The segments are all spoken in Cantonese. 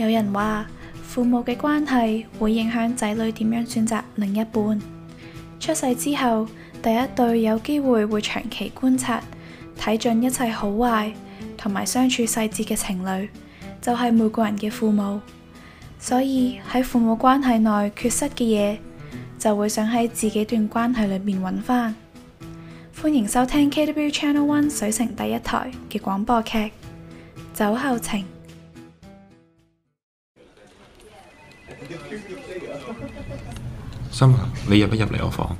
有人話父母嘅關係會影響仔女點樣選擇另一半。出世之後，第一對有機會會長期觀察、睇盡一切好壞同埋相處細節嘅情侶，就係、是、每個人嘅父母。所以喺父母關係內缺失嘅嘢，就會想喺自己段關係裏面揾返。歡迎收聽 KW Channel One 水城第一台嘅廣播劇《酒後情》。心，你入不入嚟我房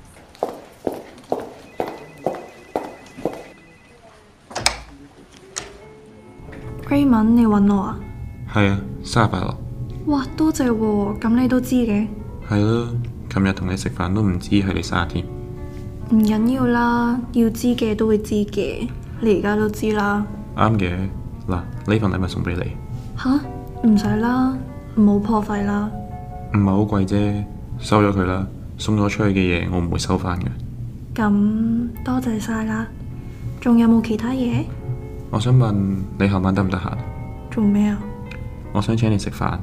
？Raymond，你揾我啊？係啊，生日快樂！哇，多謝喎、啊，咁你都知嘅？係咯、啊，琴日同你食飯都唔知係你生日添。唔緊要啦，要知嘅都會知嘅，你而家都知啦。啱嘅，嗱，呢份禮物送俾你。吓，唔使啦，唔好破費啦。唔係好貴啫。收咗佢啦，送咗出去嘅嘢我唔會收返嘅。咁多謝晒啦，仲有冇其他嘢？我想問你後晚得唔得閒？做咩啊？我想請你食飯，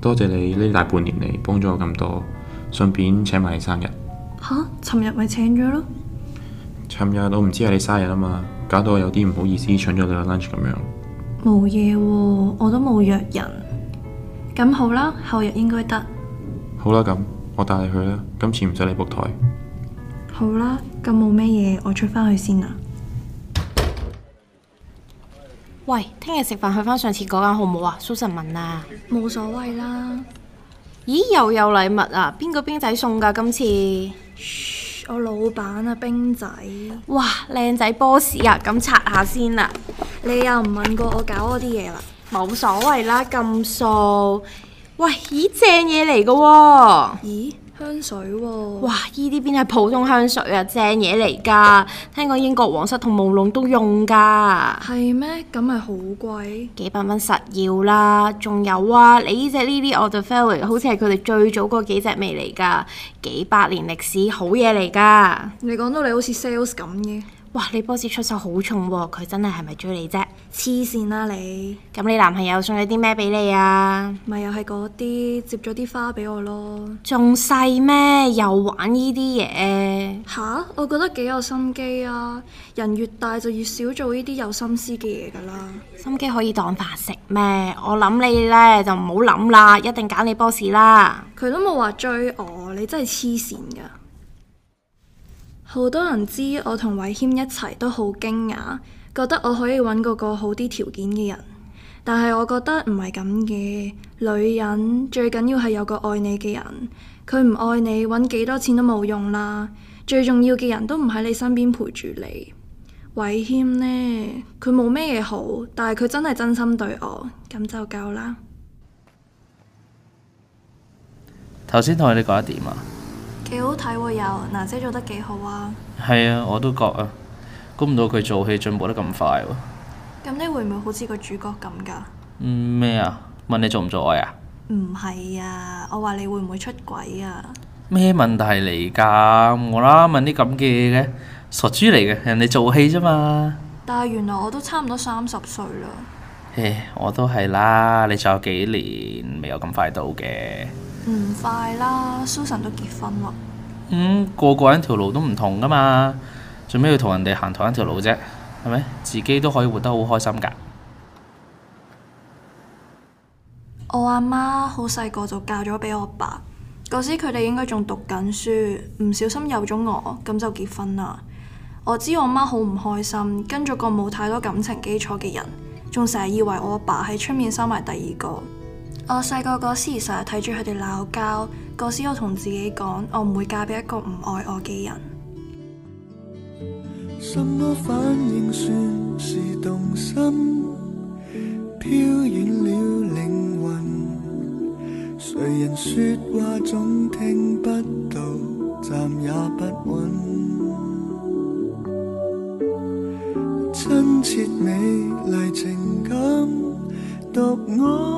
多謝你呢大半年嚟幫咗我咁多，順便請埋你生日。吓，尋日咪請咗咯？尋日我唔知係你生日啊嘛，搞到我有啲唔好意思，搶咗你個 lunch 咁樣。冇嘢、啊，我都冇約人。咁好啦，後日應該得。好啦，咁。我帶你去啦，今次唔使你 book 台。好啦，咁冇咩嘢，我出返去先啦。喂，聽日食飯去返上次嗰間好唔好啊？蘇振文啊，冇所謂啦。咦，又有禮物啊？邊個兵仔送噶，啊？今次，我老闆啊，兵仔。哇，靚仔 boss 啊，咁擦下先啦。你又唔問過我搞多啲嘢啦？冇所謂啦，咁數。喂，咦，正嘢嚟嘅喎！咦，香水喎，啊！哇，依啲邊係普通香水啊，正嘢嚟噶！聽講英國皇室同夢露都用噶。係咩？咁係好貴？幾百蚊實要啦。仲有啊，你呢隻 Lily of the Valley 好似係佢哋最早嗰幾隻味嚟噶，幾百年歷史，好嘢嚟噶。你講到你好似 sales 咁嘅。哇，你波士出手好重，啊，佢真係係咪追你啫？黐線啦你！咁你男朋友送咗啲咩俾你啊？咪又係嗰啲接咗啲花俾我咯。仲細咩？又玩呢啲嘢？吓，我覺得幾有心機啊！人越大就越少做呢啲有心思嘅嘢噶啦。心機可以當飯食咩？我諗你呢就唔好諗啦，一定揀你 boss 啦。佢都冇話追我，你真係黐線噶～好多人知我同偉謙一齊都好驚訝，覺得我可以揾個個好啲條件嘅人，但係我覺得唔係咁嘅。女人最緊要係有個愛你嘅人，佢唔愛你揾幾多錢都冇用啦。最重要嘅人都唔喺你身邊陪住你。偉謙呢，佢冇咩嘢好，但係佢真係真心對我，咁就夠啦。頭先同你講一點啊。幾好睇喎，有，娜姐做得幾好啊。係啊，我都覺啊，估唔到佢做戲進步得咁快。咁你會唔會好似個主角咁噶？嗯，咩啊？問你做唔做愛啊？唔係啊，我話你會唔會出軌啊？咩問題嚟噶？我啦問啲咁嘅嘢嘅傻豬嚟嘅，人哋做戲咋嘛？但係原來我都差唔多三十歲啦。唉，我都係啦，你仲有幾年未有咁快到嘅。唔快啦，Susan 都結婚啦。嗯，個個人條路都唔同噶嘛，做咩要同人哋行同一條路啫，係咪？自己都可以活得好開心噶。我阿媽好細個就嫁咗俾我阿爸，爸，嗰時佢哋應該仲讀緊書，唔小心有咗我，咁就結婚啦。我知我媽好唔開心，跟咗個冇太多感情基礎嘅人，仲成日以為我阿爸喺出面收埋第二個。我細個嗰時成日睇住佢哋鬧交，嗰時我同自己講，我唔會嫁俾一個唔愛我嘅人。什麼反應算是動心？飄遠了靈魂。誰人説話總聽不到，站也不穩。親切美麗情感，獨我。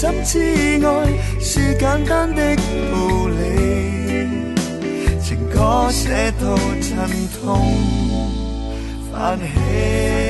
怎知愛是簡單的道理，情歌寫到陣痛泛起。